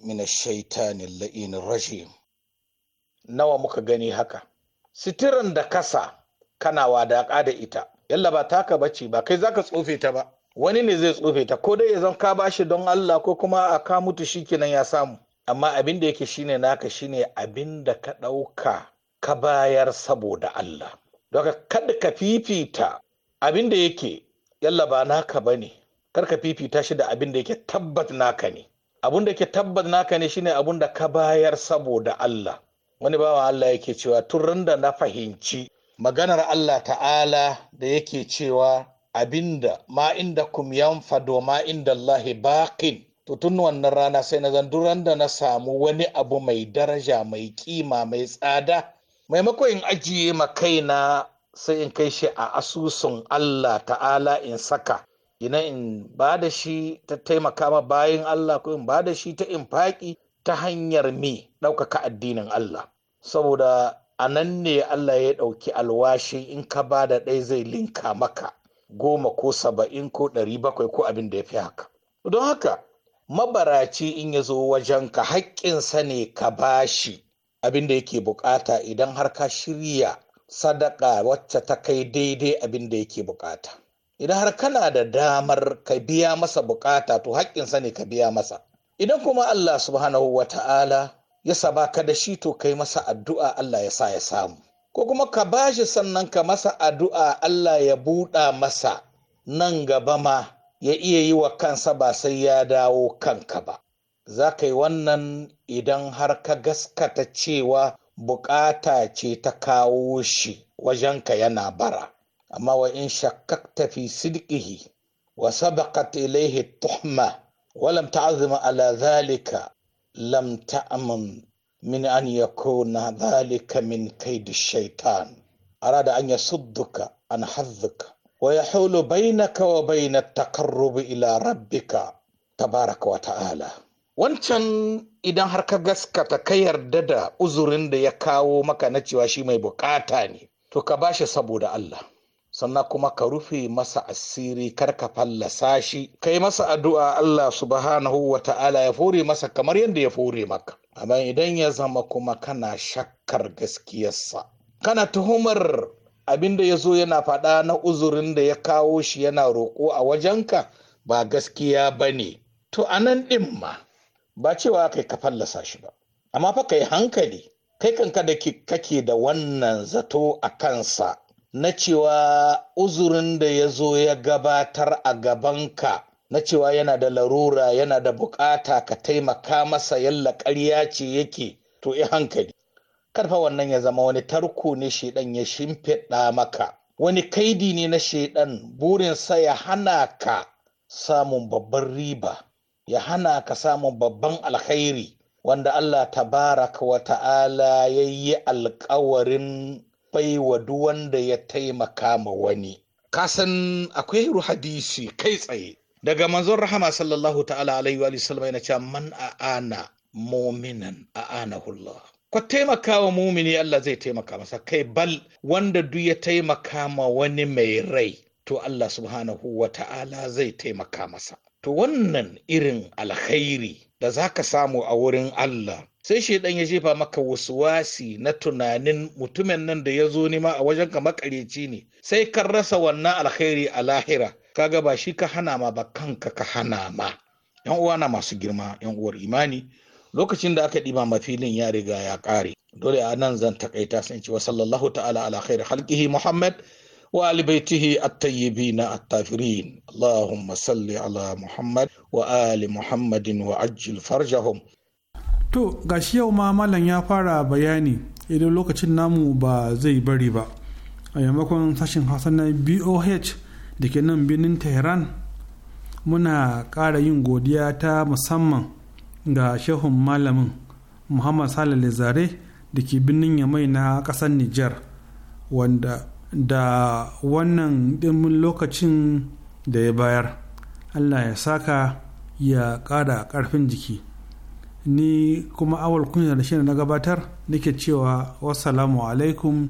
nawa muka gani haka sitiran da kasa kana wadaƙa da ita yalla ba taka bacci ba kai zaka tsofe ta ba wani ne zai tsofe ta ko dai ya zan ka bashi don Allah ko kuma a ka mutu shikenan ya samu amma abin da yake shine naka shine abin da ka ɗauka ka bayar saboda Allah daga kada ka fifita abin da yake yalla ba naka bane kar ka fifita shi da abin da yake tabbat naka ne abin da yake tabbat naka ne shine abin da ka bayar saboda Allah wani bawa Allah yake cewa tun da na fahimci maganar Allah ta'ala da yake cewa abinda ma inda kum yanfado ma inda Allah baqin to tun wannan rana sai na zan duran da na samu wani abu mai daraja mai kima mai tsada maimakon in ajiye ma kaina sai in kai shi a asusun Allah ta'ala in saka ina in ba da shi ta taimaka ma bayan Allah ko in ba da shi ta in faƙi ta hanyar me ɗaukaka addinin Allah saboda a nan ne Allah ya ɗauki alwashi in ka ba da ɗaya zai linka maka goma ko saba'in ko ɗari bakwai ko abin da ya fi haka. Don haka mabaraci in ya zo wajenka haƙƙinsa ne ka ba shi abin da yake buƙata idan har ka shirya sadaka wacce ta kai daidai abin da yake buƙata. Idan har kana da damar ka biya masa buƙata to haƙƙinsa ne ka biya masa. Idan kuma Allah subhanahu wa ta'ala ya saba ka da shi to kai masa addu'a Allah ya sa ya samu ko kuma ka ba shi sannan ka masa addu'a Allah ya buɗa masa nan gaba ma ya iya yi wa kansa ba sai ya dawo kanka ba za ka yi wannan idan har ka gaskata cewa bukata ce ta kawo shi ka yana bara amma wa in shakkakta fi sidqihi wa sabaqat ilayhi tuhma wa lam ta'zima ala zalika lam ta'amun min an yakuna dhalika min kaidi shaitan da an sudduka, an hazzika wa yahulu bainaka wa baina taqarrubi ila rabbika tabaraka wa ta'ala wancan idan har ka gaskata ka yarda da uzurin da ya kawo maka na cewa shi mai buƙata ne to ka bashi saboda Allah sannan kuma ka rufe masa asiri kar ka fallasa shi kai masa addu'a Allah subhanahu wa ta'ala ya fure masa kamar yadda ya fure maka amma idan ya zama kuma kana shakkar gaskiyarsa kana tuhumar abin da ya zo yana faɗa na uzurin da ya kawo shi yana roƙo a wajenka ba gaskiya ba ne to a nan ɗin ma ba cewa kai ka fallasa shi ba amma fa kai hankali kai kanka da kake da wannan zato a kansa na cewa uzurin da ya zo ya gabatar a gabanka na cewa yana da larura yana da bukata ka taimaka masa yalla ƙarya ce yake to i hankali karfa wannan ya zama wani tarko ne shaidan ya shimfiɗa maka wani kaidi ne na shaidan burinsa ya hana ka samun babban riba ya hana ka samun babban alkhairi wanda Allah tabaraka wa ta'ala ya yi alkawarin wa duk wanda ya taimaka ma wani kasan akwai hadisi kai tsaye daga manzon rahama sallallahu ta'ala alaihi wa sallam yana cewa man a'ana muminan a'ana hullah ka taimaka wa mumini Allah zai taimaka masa kai bal wanda duk ya taimaka ma wani mai rai to Allah subhanahu wa ta'ala zai taimaka masa to wannan irin alkhairi da za ka samu a wurin Allah sai shaidan ya jefa maka wasuwasi na tunanin mutumin nan da ya zo nima a wajen ka makareci ne sai ka rasa wannan alkhairi a lahira kaga ba shi ka hana ma ba kanka ka hana ma yan uwa na masu girma yan uwar imani lokacin da aka ɗiba mafilin ya riga ya ƙare dole a nan zan takaita sun cewa sallallahu ta'ala ala khair halkihi muhammad wa ali baitihi at-tayyibin at-tafirin allahumma salli ala muhammad wa ali muhammadin wa ajil farjahum to gashi yau ma malam ya fara bayani idan lokacin namu ba zai bari ba a yammakon sashen hausa na boh da ke nan birnin tehran muna ƙara yin godiya ta musamman ga shehun malamin muhammad salale zare da ke birnin yamai na ƙasar nijar wanda da wannan ɗimin lokacin da ya bayar allah ya saka ya ƙara ƙarfin jiki ni kuma awal kunya da shi na gabatar nake cewa wasalamu alaikum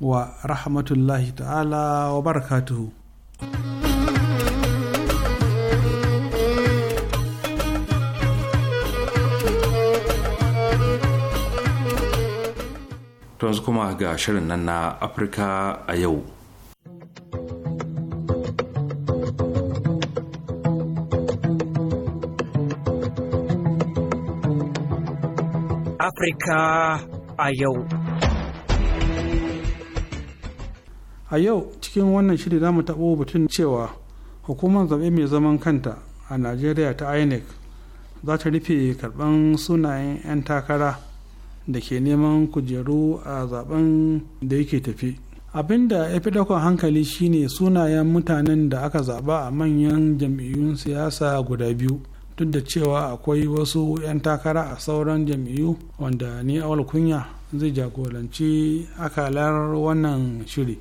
wa rahmatullahi ta'ala wa barakatuhu yanzu kuma ga shirin nan na afirka a yau Afirka a yau. A yau cikin wannan shiri zamu mu taɓo batun cewa hukumar zaɓe mai zaman kanta a Najeriya ta INEC za ta rufe karɓan sunayen 'yan takara da ke neman kujeru a zaben da yake tafi. abin da ya fi ɗaukar hankali shine sunayen mutanen da aka zaɓa a manyan jam'iyyun siyasa guda biyu duk da cewa akwai wasu 'yan takara a sauran jam'iyyu wanda ni awal kunya zai jagoranci akalar wannan shiri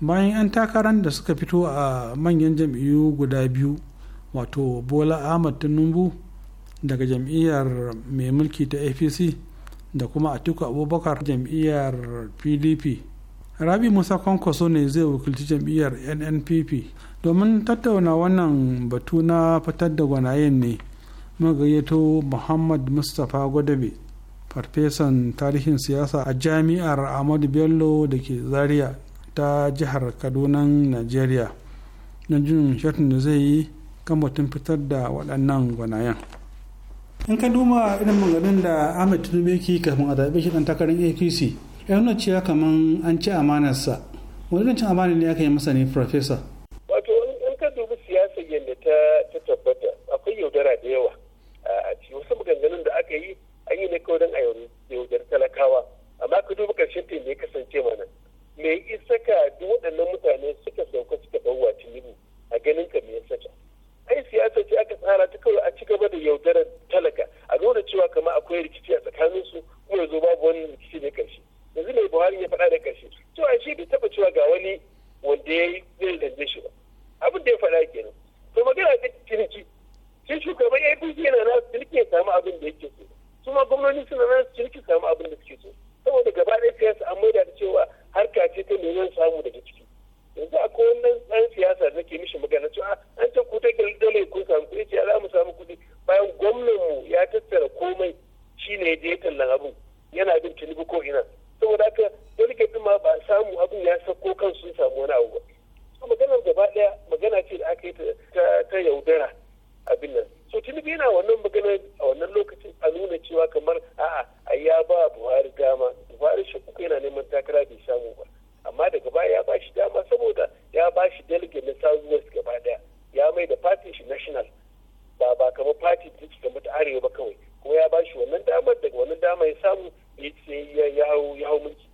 bayan 'yan takarar da suka fito a manyan jam'iyyu guda biyu wato bola ahmad tinubu daga jam'iyyar mai mulki ta apc da kuma atiku abubakar jam'iyyar pdp rabi musa kwankwaso ne zai wakilci jam'iyyar nnpp domin tattauna wannan batu na fitar da gwanayen ne magayyato muhammad mustapha gwadabe farfesan tarihin siyasa a jami'ar ahmadu bello da ke zaria ta jihar kaduna nigeria na jin shirin da zai yi kan batun fitar da waɗannan gwanayen in ka duma irin maganin da ahmed tunubeki kafin a zaɓe shi ɗan takarar apc ya nuna cewa kamar an ci amanarsa wani cin amana ne aka yi masa ne farfesa wato in ka dubi siyasar yadda ta tabbata akwai yaudara da yawa a ci wasu maganganun da aka yi an yi na kawai a yaudar talakawa amma ka duba karshen ta ya kasance mana isa ka duk waɗannan mutane suka sauka suka bawa tinubu a ganin ka me yasa ai siyasa ce aka tsara ta kawai a ci gaba da yaudarar talaka a nuna cewa kamar akwai rikici a tsakaninsu kuma yanzu babu wani rikici ne karshe yanzu mai buhari ya faɗa da ƙarshe to a shi bai taɓa cewa ga wani wanda ya yi zai lalle shi ba abin da ya faɗa kenan to magana ta ciniki shi shugaban apc yana na ciniki ya samu abin da yake so su ma gwamnoni suna na ciniki samu abin da suke so saboda gaba ɗaya siyasa an maida da cewa harka ce ta neman samu daga ciki yanzu a wannan ɗan siyasa da ke mishi magana cewa ah, an ta kuta dole kun samu kuɗi ce za mu samu kuɗi bayan gwamnan mu ya tattara komai shine ya je tallan abin yana bin tunubu ko ina saboda haka delegate ma ba samu abin ya sako kan sun samu wani abu ba maganar gaba daya magana ce da aka yi ta yaudara abin nan so tinubu yana wannan magana a wannan lokacin a nuna cewa kamar a'a a ya ba buhari dama buhari shi kuka yana neman takara bai samu ba amma daga baya ya ba shi dama saboda ya ba shi delegate na south west gaba daya ya mai da party shi national ba ba kamar party da ta arewa ba kawai kuma ya ba shi wannan damar daga wannan dama ya samu ya hau mulki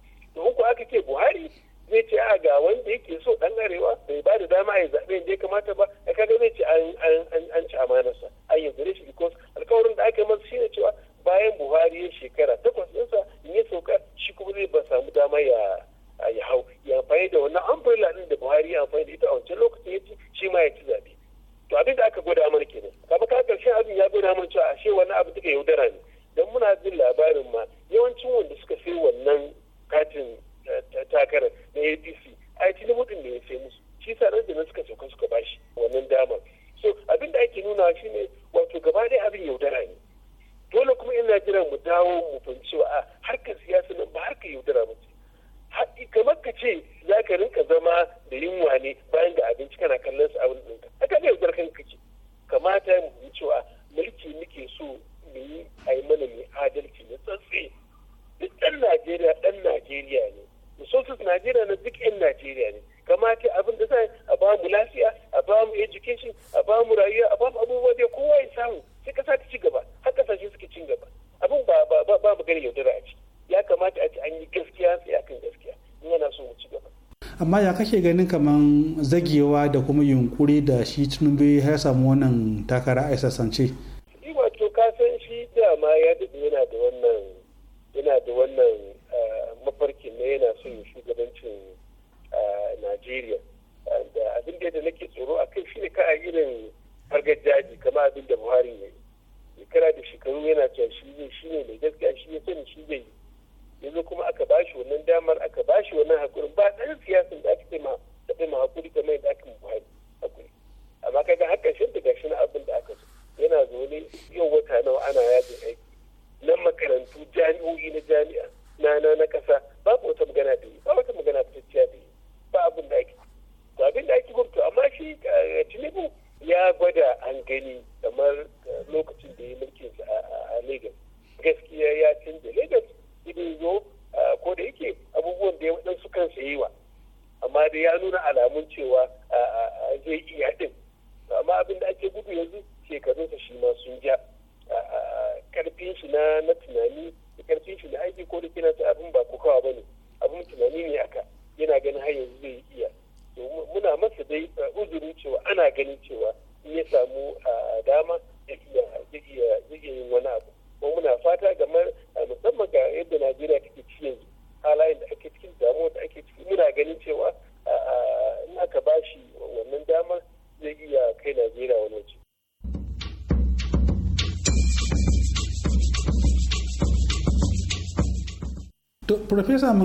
kake ganin kamar zagewa da kuma yunkuri da shi tunubi ya samu wannan takara a sassance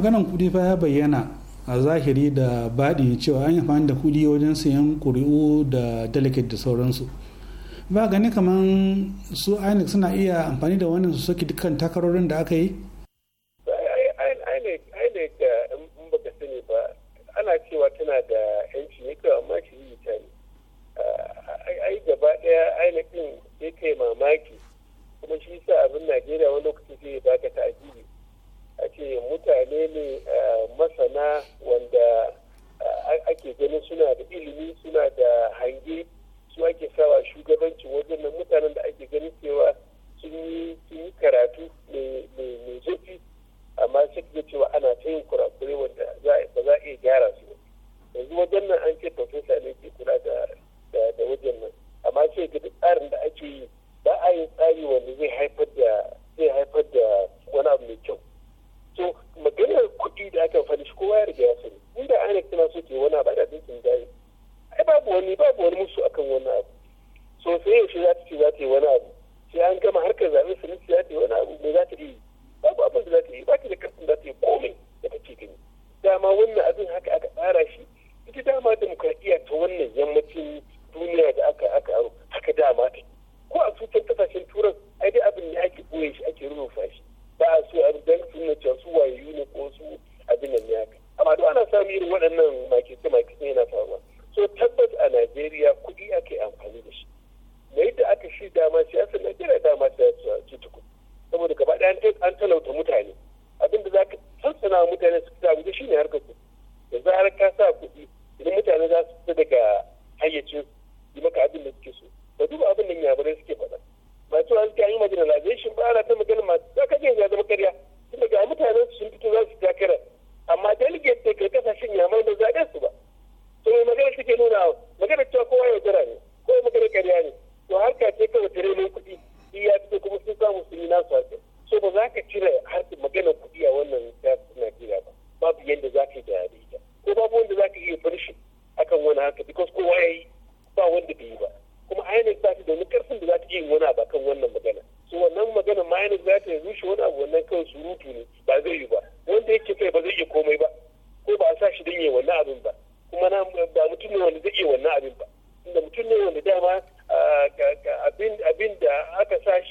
maganan kudi fa ya bayyana a zahiri da baɗi cewa an yi amfani da kudi wajen sayan ƙuri'u da delegate da sauransu ba gani kamar su inec suna iya amfani da wannan su soki dukkan takarorin da aka yi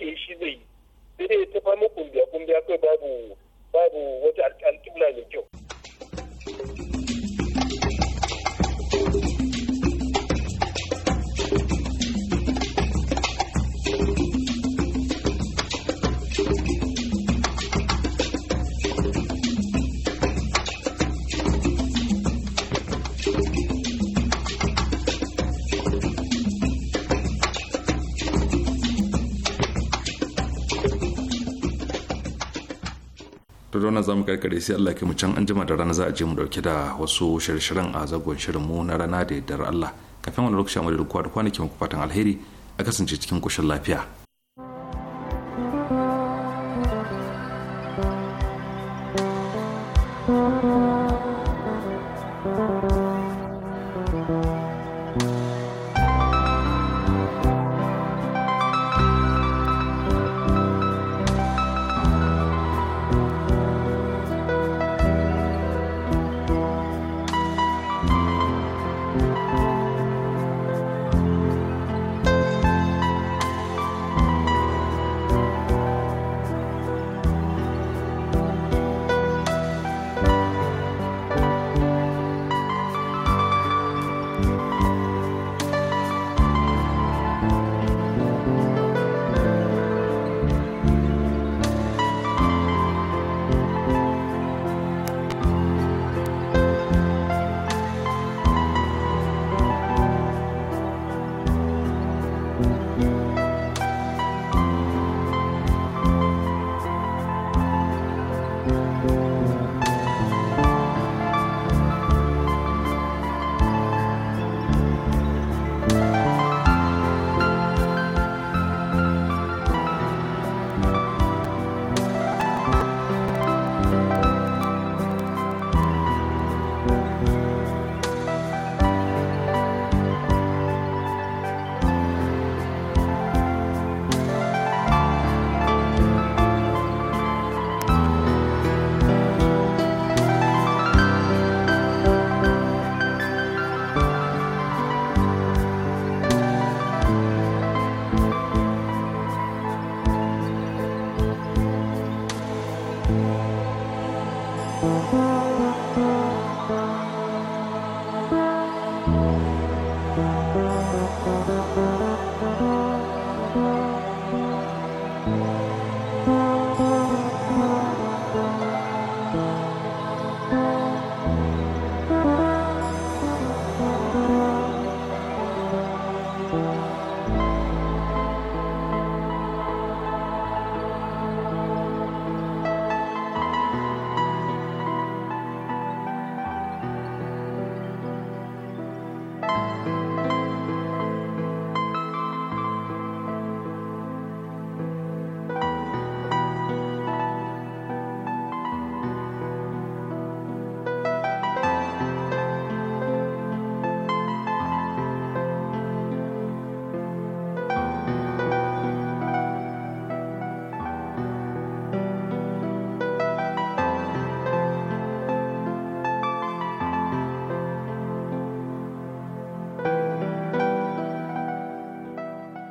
ake shi zai yi sai dai ta fama kumbiya kumbiya kai babu babu nan zamu karkare sai Allah ke mu can an jima da rana za a je mu dauke da wasu shirye-shiryen a zagon shirin mu na rana da yaddar Allah kafin wani lokaci mu da kowa da kwanaki mu fatan alheri a kasance cikin kushin lafiya